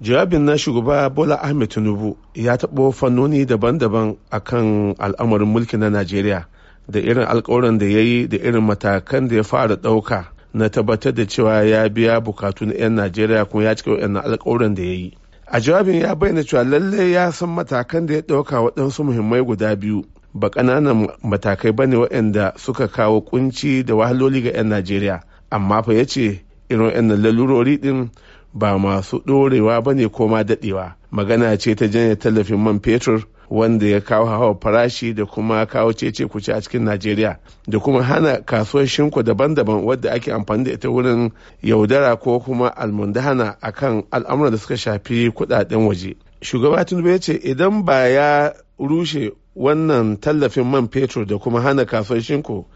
jawabin na shugaba bola ahmed tinubu ya taɓo fannoni daban-daban a kan al'amarin mulki na najeriya da irin alkawarin da ya yi da irin matakan da ya fara ɗauka na tabbatar da cewa ya biya bukatun na 'yan najeriya kuma ya cika wa'yan alkawarin da ya yi a jawabin ya bayyana cewa lallai ya san matakan da ya ɗauka waɗansu muhimmai guda biyu ba ƙananan matakai ba ne waɗanda suka kawo kunci da wahaloli ga 'yan najeriya amma fa ya ce irin wa'yan lalurori ɗin ba masu ɗorewa ba ne ko ma daɗewa magana ce ta janye tallafin man fetur wanda ya kawo hawa farashi da kuma kawo cece kuce a cikin najeriya da kuma hana kasuwar shinku daban-daban wadda ake amfani da ita wurin yaudara ko kuma a kan al'amuran da suka shafi kudaden waje shugaba tinubu ya ce idan ba ya rushe wannan tallafin man fetur da kuma hana kasuwar shinku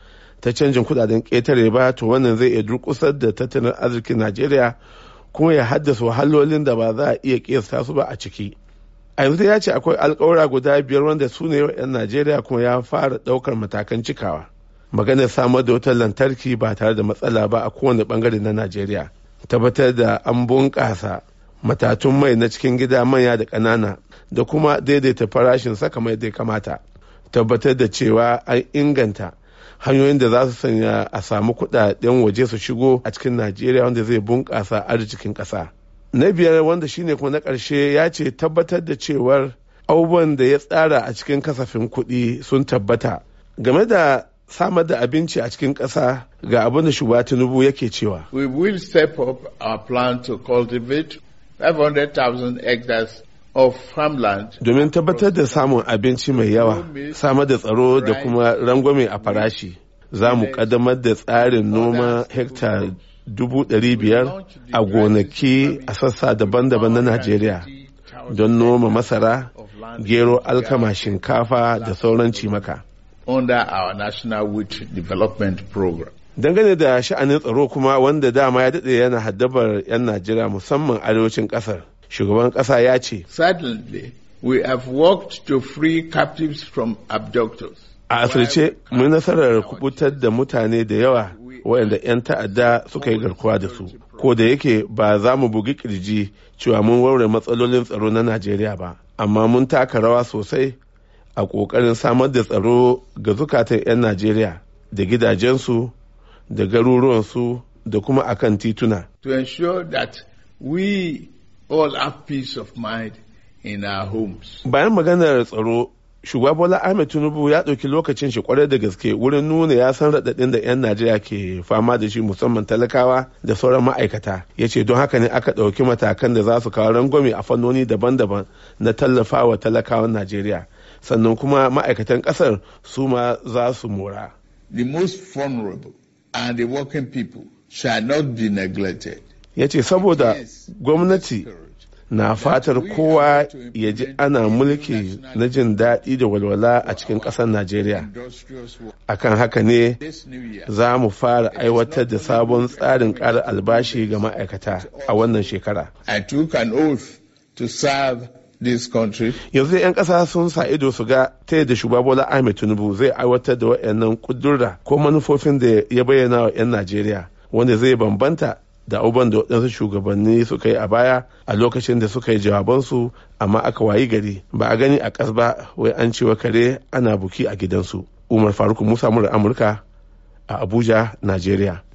ta canjin kudaden ƙetare ba to wannan zai iya durƙusar da tattalin arzikin najeriya Kuma ya haddasa wahalolin da ba za a iya kiyasta su ba a ciki a yanzu ya ce akwai alkawura guda biyar wanda su ne 'yan najeriya kuma ya fara daukar matakan cikawa maganar samar da wutar lantarki ba tare da matsala ba a kowane bangare na najeriya tabbatar da an bunkasa matatun mai na cikin gida manya da ƙanana da kuma daidaita farashin saka mai da kamata tabbatar da cewa an inganta hanyoyin da za su sanya a samu kudaden waje su shigo a cikin najeriya wanda zai bunƙasa arzikin kasa na biyar wanda shine kuma na karshe ya ce tabbatar da cewar abubuwan da ya tsara a cikin kasafin kuɗi sun tabbata game da samar da abinci a cikin ƙasa ga abin da shugaba tinubu yake cewa we will step up our plan to cultivate 500,000 hectares domin tabbatar da samun abinci mai yawa samar da tsaro da kuma rangwame a farashi za mu ƙaddamar da tsarin noma hekta 500,000 a gonaki a sassa daban-daban na najeriya don noma masara gero alkama shinkafa da sauran cimaka dangane da sha'anin tsaro kuma wanda dama ya daɗe yana haddabar 'yan najeriya musamman arewacin ƙasar shugaban ƙasa ya ce sadly we have worked to free captives from abductors a asirce mun nasarar kubutar da mutane da yawa waɗanda 'yan ta'adda suka yi garkuwa da su ko da yake ba za mu bugi kirji cewa mun warware matsalolin tsaro na najeriya ba amma mun taka rawa sosai a ƙoƙarin samar da tsaro ga zukatan 'yan najeriya da gidajensu da garuruwansu da kuma akan tituna to ensure that we all have peace of mind in our homes. Bayan maganar tsaro, shugaba Bola Ahmed Tinubu ya ɗauki lokacin shi kwarai da gaske wurin nuna ya san raɗaɗin da 'yan Najeriya ke fama da shi musamman talakawa da sauran ma'aikata. Ya ce don haka ne aka ɗauki matakan da za su kawo rangwame a fannoni daban-daban na tallafawa talakawan Najeriya. Sannan kuma ma'aikatan ƙasar su ma za su mora. The most vulnerable and the working people shall not be neglected. ya ce saboda gwamnati na fatar kowa ya ji ana mulki na jin daɗi da walwala a cikin ƙasar najeriya akan haka ne za mu fara aiwatar da sabon tsarin ƙarar albashi ga ma'aikata a wannan shekara yanzu 'yan ƙasa sun sa ido su ga ta yadda shugaba bola ahmed tinubu zai aiwatar da waɗannan ƙudurra ko manufofin da ya bayyana wa 'yan najeriya wanda zai bambanta da uban da waɗansu shugabanni suka yi a baya a lokacin da suka yi jawabansu amma aka wayi gari ba a gani a ƙas ba wai an cewa kare ana buki a gidansu umar faruk musa murar amurka a abuja najeriya